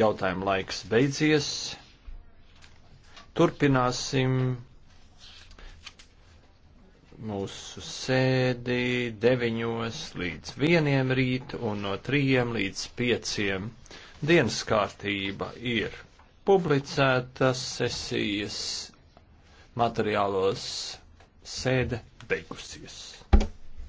Jautājuma laiks beidzies. Turpināsim mūsu sēdi 9 līdz 1 rīt un no 3 līdz 5 dienas kārtība ir publicētas sesijas materiālos sēde beigusies.